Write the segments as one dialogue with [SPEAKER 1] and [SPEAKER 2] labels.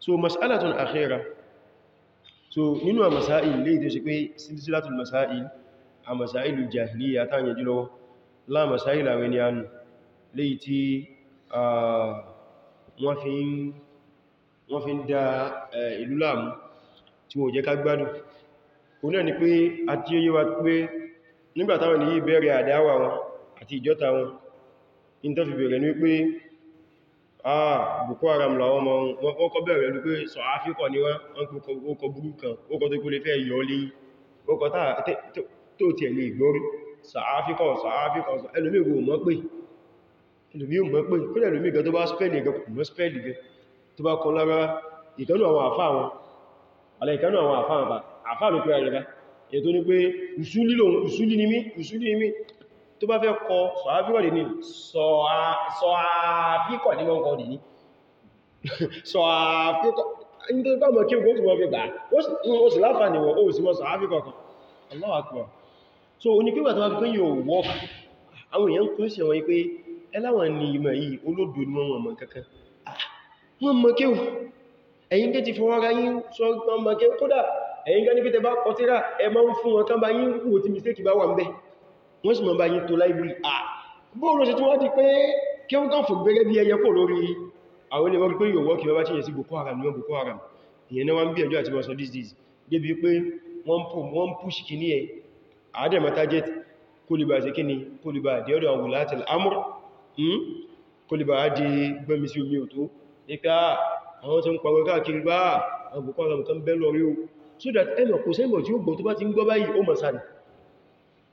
[SPEAKER 1] so mas'alatun akhira so nínú amasail le de se pe silsilatul masail amasailul jahiliya ta yanjú lọ́wọ́ la masail awe ni anu le ti ah wọ́n fi wọ́n fi da ìlú lamu tí wọ́n jẹ́ ká gbádùn ó na ni pé àti oye wa pé nígbà táwọn ni yi bẹ̀rẹ̀ àdáwà wọn àti ìjọta in tó fi bẹ̀rẹ̀ ni pé ah Boko Haram làwọn ọmọ wọn kọ́ bẹ̀rẹ̀ ló pé sọ áfíkọ̀ ni wọ́n ń kọ burú kan ókọ tó kó lè fẹ́ yọ lé ókọ tó ti ẹ̀lẹ́ ìgbórí sọ áfíkọ̀ sọ áfíkọ̀ sọ ẹlòmí ìwò mọ́ pé ẹlòmí ìwò mọ́ pé kúrẹ̀ ẹlòmí ìgẹ́ tó bá spẹ́lì ìgẹ́ kò mọ́ spẹ́lì ìgẹ́ tó bá kan lára ìkanú àwọn àfá wọn alẹ́ ìkanú àwọn àfá wọn àfá ló pẹ́ rẹ̀ bá ètò ní pé usuli ni mí usuli ni mí tó bá fẹ́ kọ sọ̀hábíkọ̀ dì ní sọ̀hábíkọ̀ ní mọ́kọ̀ dì ní sọ̀hábíkọ̀ ní tó bá mọ̀ kí o gbogbo ọgbẹ̀ gbà ó sì láfà ní wọ́n ó sì mọ́ sọ̀hábíkọ̀ kan Allahu Akbar so oníkígbà tó bá fi pín yóò wọ́ àwọn èèyàn tó sì wọ́n pé ẹláwọn ni ìmọ̀ yìí olódò ni wọ́n mọ̀ kankan ah, wọ́n mọ̀ kí o ẹ̀yin gẹ́ ti fọwọ́ ra ní pé tẹ bá kọtíra ẹ máa ń wọ́n sì mọ̀ bá yín tó láìbírì à bóòrò sí tí wọ́n ti pé kí wọ́n kàn fò gbẹ́gẹ́ bí ẹyẹ kò lórí àwọn ilẹ̀ wọ́n pé yóò wọ́n kí wọ́n bá tí yẹ sí Boko Haram ní wọ́n Boko Haram ìyẹn náà wọ́n bí ẹjọ́ àti wọ́n these days débi pé wọ́n push kí ní ẹ̀ àádẹ́mà target kólíbà sí kí ni kólíbà dé ọ̀dọ̀ àwọn látìl amur hmm? kólíbà di gbẹ́mi sí omi òtó nípa ah, àwọn tó ń pàwọ́ káàkiri bá àwọn Boko Haram kan bẹ́ lórí o so that ẹnà kò sẹ́mọ̀ tí ó gbọ́ tó bá ti ń gbọ́ báyìí ó mọ̀ sáàdì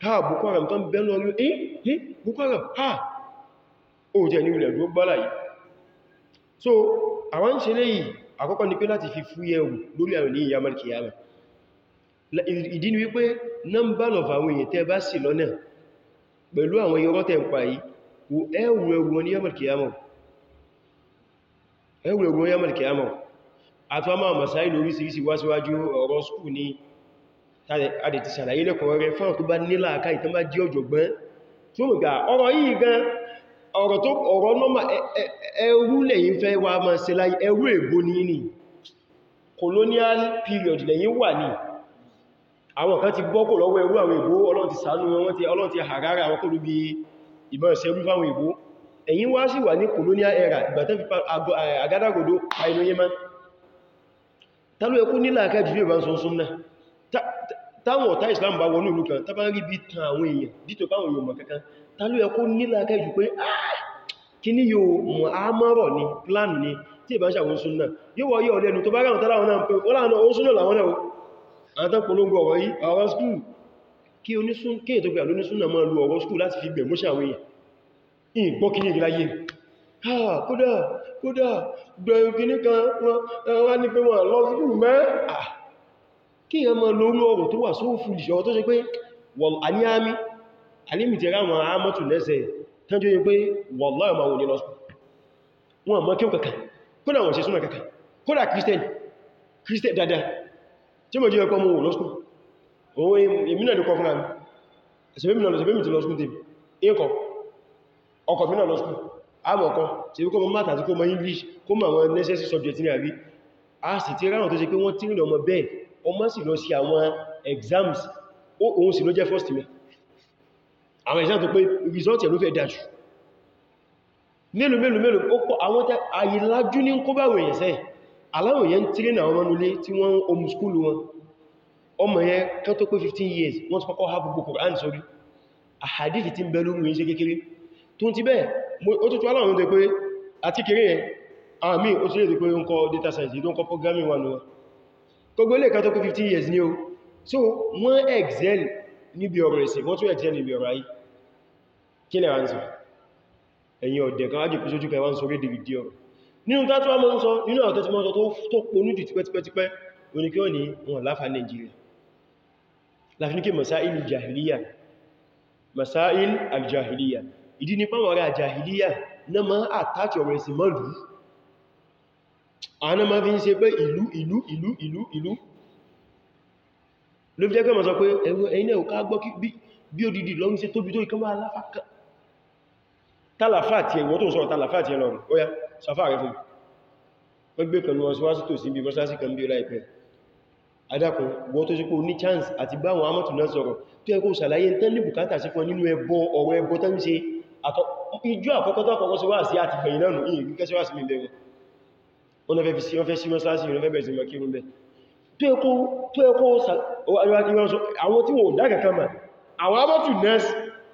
[SPEAKER 1] ha Boko Haram tán bẹ́lọ orí eh eh Boko Haram ha o jẹ́ ní ilẹ̀ gbogbo aláyìí so àwọn ń ṣe léyìí àkọ́kọ́ ni pé láti fi fúyẹ̀wò lórí àwọn ní ìyá mẹ́rìkì yára ìdí ni wípé number of àwọn èèyàn tẹ́ bá sì lọ́nà pẹ̀lú àwọn yọrọ tẹ́ ń pa yìí wo ẹ̀wù ẹ̀wù ní yá mẹ́rìkì yára àti wọ́n máa masáìlú orísìírísìí wá síwájú ọ̀rọ̀ skú ni adẹ̀ ti ṣàlàyé lẹ́kọ̀ọ́ rẹ̀ fáwọn tó bá nílà aká ìtàn bá jí ọ̀jọ̀gbọ́n tí ó mú gbà ọ̀rọ̀ yìí gan ọ̀rọ̀ tó ọ̀rọ̀ nọ́mà ẹrú lẹ́yìn fẹ́ wà máa ṣe láyé ẹrú ègbò ní ní colonial period lẹ́yìn wà ní àwọn kan ti bọ́kò lọ́wọ́ ẹrú àwọn ègbò ọlọ́n ti ṣàánú wọn ti ọlọ́n ti hàrárá àwọn kó lóbi ìbọn ìṣẹ́rú fáwọn ègbò ẹ̀yìn wá sì wà ní colonial era ìgbà tán fi àgádágodo àìlóyé má tálú ẹkú nílà akẹ́jù táwọn ọ̀tá Islam bá wọnú ìlú kan tàbá rí bí tan àwọn èèyàn dítò báwọn èèyàn mọ̀ kankan ta ló yẹ kó nílá kẹjù pé ah, kí ní yóò mọ̀ àmọ́rọ̀ ní plan ní tí ìbá ṣàwọn súnnà yóò wọ́ yóò lẹ́nu tó bá ráhùn tàbáwọn náà pé polongo ọ̀rọ̀ yìí àwọn skúù kí onísún kí ètò pé alónísúnnà máa lu ọ̀rọ̀ skúù láti fi gbẹ̀mú ṣàwọn èèyàn ìgbọ́ kí ní ìgbìláyé kódà kódà gbẹ̀rù kìníkan wọ́n wá ní pé wọ́n lọ skúù mẹ́ ah, kí èyàn mọ́ lórí ọ̀rọ̀ tó wà sóòfù ìṣọ́ tó ṣe pé àníámi alímìtì ráwọn àmọ́tù lẹ́sẹ̀ tán jẹ́ pé wallahi ma wọ́n ní lọ́sùn wọn mọ́ kí o kàkà kódà wọ́n ṣe súnmọ̀ kàkà kódà christian christian dada tí mọ̀ jẹ́ ẹ̀kọ́ mọ́ lọ́sùn òun ìmìnà lè kọ fún àmì ẹ̀sẹ̀ mẹ́mìnà lọ́sùn mẹ́mìtì lọ́sùn tèm ẹ̀kọ́ ọkọ̀ mìnà lọ́sùn àmọ́ ọkọ̀ tí ó kọ́ mọ́ math àti kó mọ́ english kó mọ́ àwọn necessary subject ní àrí a sì ti ráwọn tó ṣe pé wọ́n tí ń lọ mọ́ bẹ́ẹ̀ o mọ́ sí lọ sí àwọn exams òun sì ló jẹ́ first mi àwọn exam tó pé result ẹ̀ ló fẹ́ dájú mélòó mélòó mélòó ó pọ̀ àwọn tẹ́ àyílájú ní kó báwọn èèyàn sẹ́ aláwọ̀ yẹn tí rínà ọmọ nulé tí wọ́n ń omu skúlù wọn ọmọ yẹn kan tó pé 15 years wọ́n ti kọ́kọ́ ha gbogbo Qur'an sórí àhàdìfì tí ń bẹ lórí iṣẹ́ kékeré tó ń ti bẹ́ẹ̀ ó tó tó aláwọ̀ yẹn tó pé àti kéré yẹn àmì ó ti lè tó pé ń kọ data science tó ń kọ programming wà náà gbogbo ilé kan tó kú 15 years ní o so wọ́n excel níbi ọ̀rọ̀ ìsìn wọ́n tún excel níbi ọ̀rọ̀ ayé kí lẹ́wà ń sọ ẹ̀yìn ọ̀dẹ̀ kan ájò kú sójú kan wá ń sọ rédè ìdí ọ̀rọ̀ nínú tátí wọ́n mọ́ sọ nínú àwọn tẹ́tí mọ́ sọ tó ponú jù tipẹ́tipẹ́ oníkí wọ́n ni wọ́n láfà Nàìjíríà láfiníkè masáìl jahiliya masáìl aljahiliya ìdí ni pàwọn ará jahiliya náà máa àtàkì ọ̀rọ̀ ìsìn mọ́lùú àwọn ọmọ fi ń ṣe pé ìlú ìlú ìlú ìlú ìlú ló fi jẹ́ pẹ́mọ̀ sọ pé ẹ̀yìn ẹ̀wọ̀ ká gbọ́ bí ó dìdì lọ́n ṣe tóbi tó ìkọwà aláfàkà tàlàfà tí ẹ̀wọ̀n tó sọ̀rọ̀ tàlàfà tí ẹ̀lọ́rùn ó yá sàfà rẹ̀ fún wọ́n gbé pẹ̀lú wọn síwájú tó sí ibi mọ́sásí kan bí ó láìpẹ́ adákùn wọ́n tó sípò ní chance àti bá wọn amọ́tù náà sọ̀rọ̀ tó ẹkùn sàlàyé tán ní bùkátà sí fún nínú ẹbọ ọ̀rọ̀ ẹbọ tán ṣe ìjọ àkọ́kọ́ tó àkọ́kọ́ síwá sí àti gbẹ̀yìn náà nù ìrìnkẹ́ síwá sí mi bẹ̀rẹ̀ wọ́n fẹ́ fi sí wọ́n fẹ́ sí mọ́sálásí wọ́n fẹ́ bẹ̀rẹ̀ sí mọ́ kírun bẹ́ tó ẹkọ́ àwọn tí wọ́n dága kama àwọn abọ́tù nẹ́ẹ̀sì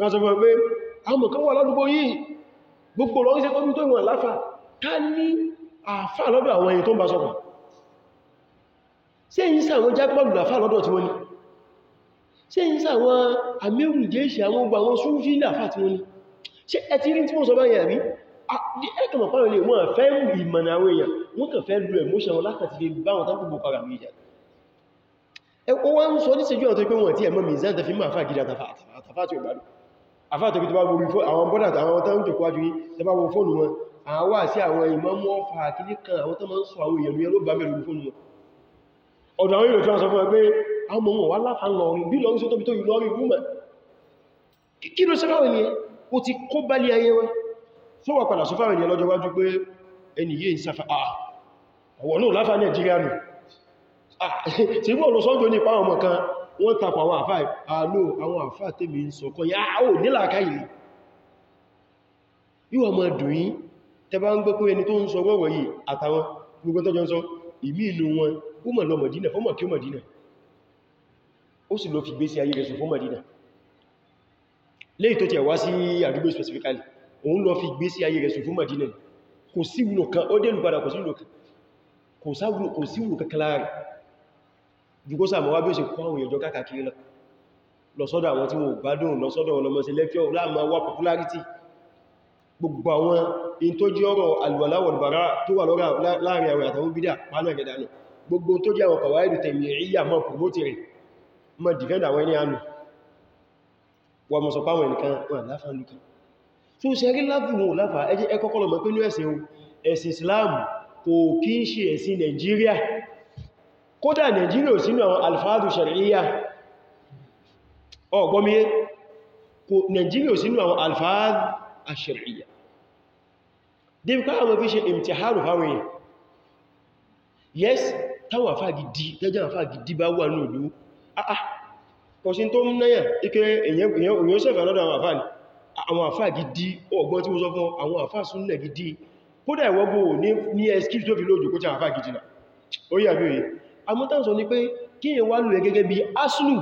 [SPEAKER 1] wọ́n sọ fún pé àwọn kan wà lọ́dúgbò yìí gbogbo lọ iṣẹ́ tóbi tó ìwọ̀n láfà ká ní àfà lọ́dọ̀ àwọn èyí tó ń bá sọ́pọ̀ ṣe yìí sàwọn jágbọ́lù láfà lọ́dọ̀ tí wọ́n ni ṣe yìí sàwọn amẹ́rùn-ún jẹ́ ìṣẹ́ àwọn ogun àwọn súnfí láfà tí wọ́n ni ṣe ẹ̀tí rí tí wọ́n sọ báyẹ̀ rí ẹkàmọ̀ pàrọ̀ lè wọ́n fẹ́ ìmọ̀nà àwọn èèyàn wọ́n kàn fẹ́ lú ẹ̀mọ́ṣẹ́ wọn látàtí lè bá wọn tábùgbò para mi ìjà ẹkọ́ wọ́n ń sọ ní ṣejú àwọn tó pé wọ́n tí ẹ̀mọ́ mìí zanta fi máa fà gídà tàfàtì ìgbàlù àfàtì tó bá borí fún àwọn bọ́dà àwọn tó ń jòkó wájú yí tó bá wọ fóònù wọn àwọ́ àti àwọn ìmọ̀ mọ́ fà kílé kan àwọn tó máa ń sọ àwọn èèyàn yẹn ló bá mẹ́rin fóònù wọn ọ̀dọ̀ àwọn ìròtí wọn sọ fún ẹ pé àwọn ọmọ wọn wá láfà lọrin bí lọrin só tóbi tó yìí lọrin gúnmọ̀ kí ló sẹ́fà wọn ni ó ti kó bá lé ayé wọn so wọ́n padà sọ fáwọn ènìyàn lọ́jọ́ wájú pé ẹni yìí ìsáfà àwọn ah, náà láfà Nàìjíríà nù ah, tí wọ́n lọ sọ́jọ́ ní ìpáwọn ọmọ kan wọ́n tapọ̀ àwọn àfà àlò àwọn àfà tèmi ń sọ kan yáò nílàkà yìí ọmọ dùn yí tẹbá ń gbé pé ẹni tó ń sọ wọ́wọ̀ gbogbo òun lọ fi gbé sí ayé rẹ̀ sùfún Madina kò sí wùlò kan ó dẹ̀lù padà kò sí wùlò kankan láàrin jùgbó sàmọ́ wá bí ó ṣe kọ́ àwọn èèjọ káàkiri lọ lọ́sọ́dọ̀ àwọn tí wọ́n gbádùn lọ́sọ́dọ̀ ọlọ́mọ sí lẹ́fẹ́ láàmà wá popularity gbogbo àwọn in tó jẹ́ ọ̀rọ̀ alwàláwọ̀lbàrá tó wà láàrin àwọn àtàwọn bídà pánà gẹ̀dánù gbogbo tó jẹ́ àwọn kọ̀wàáìdù tẹ̀mìíyà mọ́ promote rẹ̀ mọ́ defend àwọn ẹni àánú wọ́n mọ̀ sọ páwọn ẹnìkan wọ́n láfáà lùkàn tó ṣe rí láfùwò láfà ẹjẹ́ ẹkọ́kọ́lọ̀ mọ̀ pé ní ẹ̀sìn ẹ̀sìn Islam kò kí ń ṣe ẹ̀sìn Nigeria kódà Nigeria ò sínú àwọn alfáàdù shari'iyya ọgbọ́míyé kò Nigeria ò sínú àwọn alfáàdù shari'iyya dí ká àwọn fi ṣe imtiharu fáwọn èèyàn yes táwọn àfá gidi tẹ́jẹ́ àfá gidi bá wà ní àwọn àfáà gidi ọgbọ́n tí mo sọ fún àwọn àfáà súnnà gidi kódà ìwọ́gbò ní excuse tó fi lóòjò kó tí àfáà gidi náà ó yà bí òye amótánsọ ní pé kí yẹn wá lóòrẹ gẹ́gẹ́ bí aslu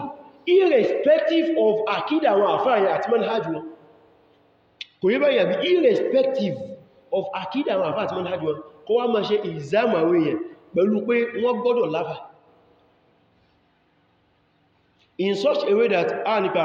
[SPEAKER 1] irrespective of àkídà àwọn àfáà yẹn àti manhaj wọn kò yí báyà bí irrespective of àkídà àwọn àfáà àti manhaj wọn kó wá máa ṣe ìzámà àwọn èèyàn pẹ̀lú pé wọ́n gbọ́dọ̀ láfà in such a way that a nípa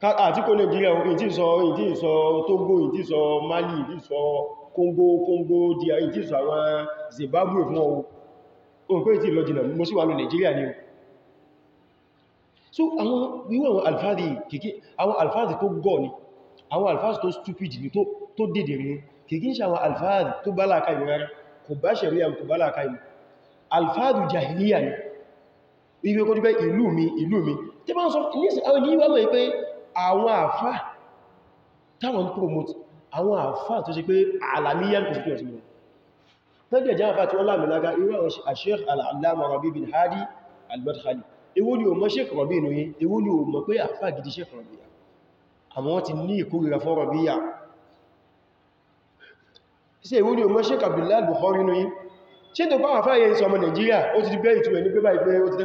[SPEAKER 1] àti kò Nigeria ìtí sọ ìtí sọ Togo ìtí sọ Mali ìtí sọ Congo Congo dia ìtí sọ àwọn Zimbabwe fún ọwọ́ ohun pé ìtí lọ jìnà mo sì wà ní Nigeria ni so àwọn wíwọ́ àwọn alfáàdì kìkí àwọn alfáàdì tó gọ̀ ni àwọn alfáàdì tó stupid ni tó dédè rí kìkí ń ṣe àwọn alfáàdì tó bá láàká ìwọ̀n rárá kò bá ṣẹ̀rí àmì kò bá ni wíwẹ́ kọ́ àwọn àfá táwọn ń promote àwọn àfá tó ṣe pé alamiyan constituency mọ̀ tẹ́lẹ̀ jẹ́ àfá tí wọ́n lámìlága irú àwọn Sheikh al-Allama Rabi bin Hadi al-Madkhali èwo ni o mọ̀ Sheikh Rabi inú yí èwo ni o mọ̀ pé àfá gidi Sheikh Rabi yà àmọ́ wọ́n ti ní ìkórira fún Rabi yà ṣe èwo ni o mọ̀ Sheikh Abdullahi Bukhari inú yí ṣe tó bá àfá yẹn sọmọ Nàìjíríà ó ti di bẹ́ ìtú ẹ̀ ní pé báyìí pé ó ti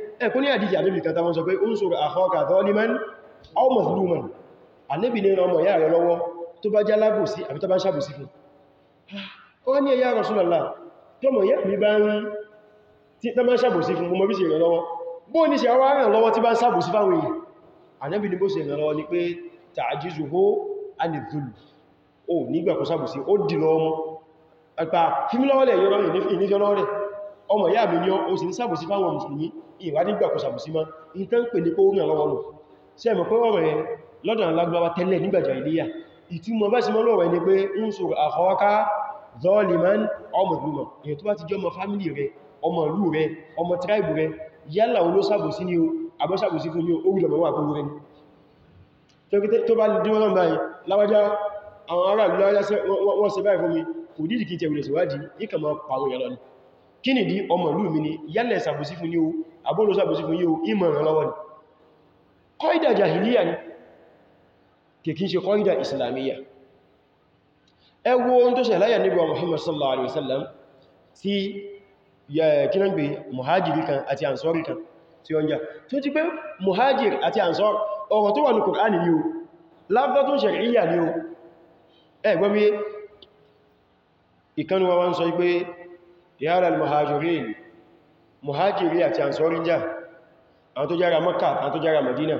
[SPEAKER 1] ẹkùn eh, ní àdíjì àdébì kata wọ́n sọ pé ń sọ̀rọ̀ àkọ́ọ̀kà zaliman aw mazluman àníbì ní ọmọ ìyá rẹ̀ lọ́wọ́ tó bá já lábòsí àbí tó bá ń sàbòsí fún ọ ah, ní ẹ̀yà Rasulullah tọmọ ìyá mi bá ń tí tó bá ń sàbòsí fún mọ́ bí sí rẹ̀ lọ́wọ́ bó ní ṣe àwọn aràn lọ́wọ́ tí bá ń sàbòsí fáwọn èèyàn àníbì ní bó ṣe rẹ̀ lọ́wọ́ ni pé ta'jizuhu anidhul ó nígbà ọmọ ìyá mi ni ó sì ń sàbòsí fáwọn mùsùlùmí ìwà nígbà kò sàbòsí mọ́ in tán pè ní pé ó rìn lọ́wọ́ lọ sí ẹ̀mọ̀ pé ọ̀rọ̀ ẹ̀ lọ́dọ̀ alágbàwà tẹ́lẹ̀ nígbàjà ìléyà ìtumọ̀ bá sí mọ́lọ́rọ̀ ẹni pé ń so àkọwọ́ká zọ́ọ̀lìmán ọmọ ìlúmọ̀ èyàn tó bá ti jẹ́ ọmọ fámílì rẹ ọmọ ìlú rẹ ọmọ tíráìbù rẹ yálà àwọn ará ìlú láwájá wọ́n ṣe báyìí fún mi kò dídì tẹ̀wìlẹ̀ síwájì ìkàmọ́ pàwọn ìyàlọ́ni kí nìdí ọmọ ìlú mi ni yálẹ̀ sàbòsí fún yíò àbúrò sàbòsí fún yíò ìmọ̀ràn lọ́wọ́ ni kọ́ìdà jahiliya ni kìkín ṣe kọ́ìdà islamiyya ẹ wo ohun tó ṣẹlẹ̀ láyé Ànábì Muhammad sallallahu alaihi wasallam tí kínágbé muhajiri kan àti ansori kan tí wọ́n jà tó ti pé muhajiri àti ansori ọ̀rọ̀ ìkanu wa wá sọ pé yára al-muhajirin muhajiri àti ansorinja àwọn tó jára Mọ́kà àwọn tó jára Madina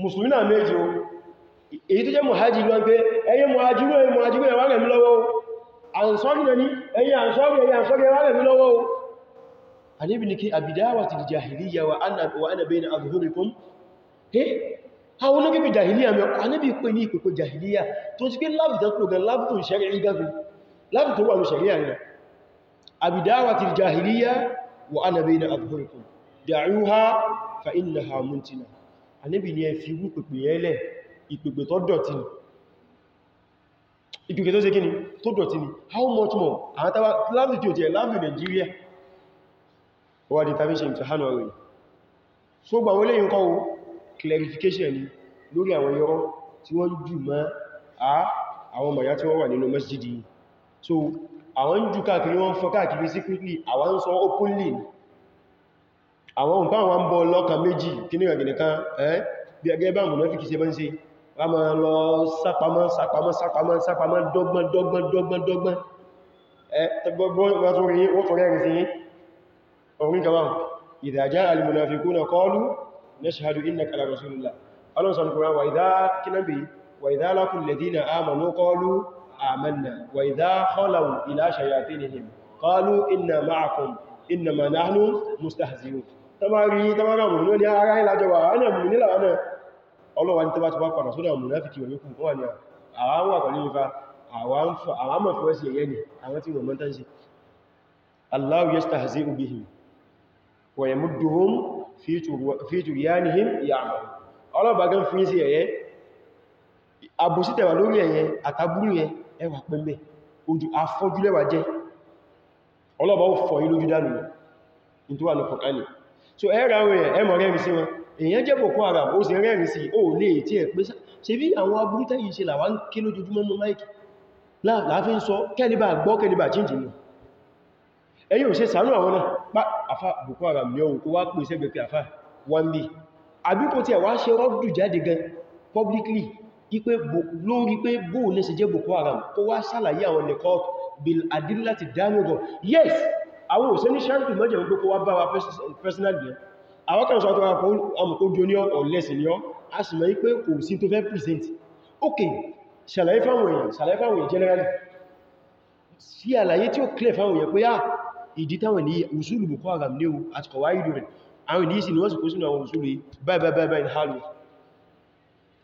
[SPEAKER 1] musulmi náà méjì o èyí tó jẹ́ muhajiri lọ pé ẹyẹ muhajiru ẹyẹ muhajiru ẹwà rẹ̀ mí lọ́wọ́ ansori na ni ẹyẹ ansori ẹyẹ ansori ẹwà rẹ̀ mí lọ́wọ́ Ànábì ní kí abidawati al-jahiliya wa ana bayna adhhurikum àwọn olókèkè jahiliya mẹ́ Ànábì pè ní ìpèkò jahiliya tó ti pé láàbì tó ń ṣẹ̀rí ìgbàgbé láàbì tó wà ní ṣẹ̀rí àríyàn أبداوة الجاهلية وأنا بين أظهركم دعوها فإنها منتنة Ànábì ní ẹ fi irú pèpè ẹlẹ̀ ìpèpè tó dọ̀tí ni ìpèpè tó ṣe kíni tó dọ̀tí ni how much more àwọn tàbí láàrín tí ó ti ẹ̀ láàrín Nàìjíríà wà dì tàbí ṣe ìtàhánà rẹ̀ so gbà wọlé yínkọ́ clarification ni lórí àwọn yọrọ tí wọ́n jù mọ́ àwọn mọ̀yá tí wọ́n wà nínú masjidi so àwọn ń jù káàkiri wọ́n fọ́ káàkiri secretly àwọn ń sọ openly àwọn nǹkan àwọn ń bọ́ lọ́kàn méjì kíní rẹ̀gìnìkan ẹ́ bí ẹgẹ́ bá mùnà fi kìí ṣe bá ń ṣe wọ́n máa lọ sápamọ́ sápamọ́ sápamọ́ sápamọ́ dọ́gbọ́n dọ́gbọ́n dọ́gbọ́n dọ́gbọ́n ẹ́ tẹgbọ́gbọ́n wọ́n tó rí آمنا وإذا خلوا إلى شياطينهم قالوا إنا معكم إنما نحن مستهزئون tamari tamara mu ni ara ila jowa ana mu ni la ana Ọlọ́run tí bá ti bá padà so da munafiki wa yoku wa ni àwa wa pẹ̀lú ifa àwa ń fo àwa mo fo si yeye ni àwọn mo mo tan Allah yastahzi'u bihim wa yamudduhum fi fi ya'mal Ọlọ́run bá gan fi yeye abusi te wa lórí yeye ataburu yeye ẹwà pẹ́mẹ́ ojú afọ́júlẹ́wà jẹ́ ọlọ́bà ó fọ́ ilójú dánù ní tó wà lọ́pọ̀ kánì so ẹ̀rà rẹ̀ ẹmọ̀ rẹ̀ sí wọn èyàn jẹ́ boko haram ó sì rẹ̀ sí ó lè tí ẹ̀ pé ṣe bí àwọn abúrútà yìí ṣe làwá ń ké lójoojúmọ́ ní máìkì láàfin sọ kẹ́lìbà gbọ́ kẹ́lìbà chíǹjì ni ẹ̀yìn ò ṣe sàánú àwọn náà pa àfà boko haram ní ohun kó wá pèsè gbẹ̀pẹ̀ àfà 1b àbíkò tí ẹ̀ wá ṣe rọ́dù jáde gan publicly ipe lórí pé bóò lè ṣe jẹ́ Boko Haram kó wá ṣàlàyé àwọn nìkọ́ bil adilla ti dámìgọ̀ yes àwọn òṣè ní ṣàrìtì mọ́jẹ̀ wípé kó wá bá wa personal bill àwọn kan sọ́tọ̀ àmùkójò ní ọ̀ lẹ́sìn ní ọ́ a sì mọ̀ wípé kò sí tó fẹ́ present ok ṣàlàyé fáwọn ní usulu ní o àti kọ̀wá ìdò rẹ̀ àwọn ìdí sí ni wọ́n sì kó sínú àwọn usulu yìí bye bye bye bye in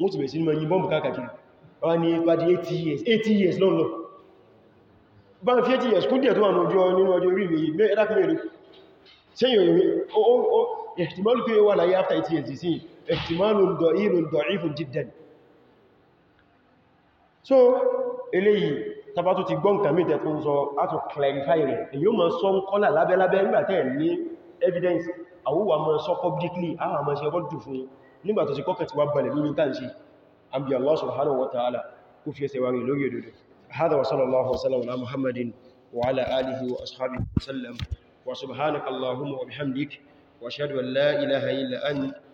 [SPEAKER 1] wọ́n ti bẹ̀ẹ̀ sí ní mọ̀ yí bọ́m̀bù káàkiri wọ́n ni bá 80 years 80 years lọ́nà bá ń fi 80 years kún díẹ̀ tó wà ní ọjọ́ nínú ọjọ́ orí ìwé ẹ̀dàkùnrin sẹ́yìn ìwé o ẹ̀tìmọ́lù pé wà láyé after 80 years sí ẹ̀tìmọ́lù dọ̀ ìrùn dọ̀ ìfún jìdẹ̀n so eléyìí tabatu ti gbọ́n kàmí tẹ̀tún sọ átò clarify rẹ̀ èyí ó ma sọ ń kọ́là lábẹ́lábẹ́ nígbàtẹ́ ní evidence àwúwà ma sọ publicly àwọn àmà ṣe ọgọ́dù fún nígbà tó ti kọ́kàn ti wá balẹ̀ lórí tàn sí àbí Allah subhanahu wa ta'ala kó fi ẹsẹ̀ wárin lórí òdodo hada wa sallallahu wa sallam ala muhammadin wa ala alihi wa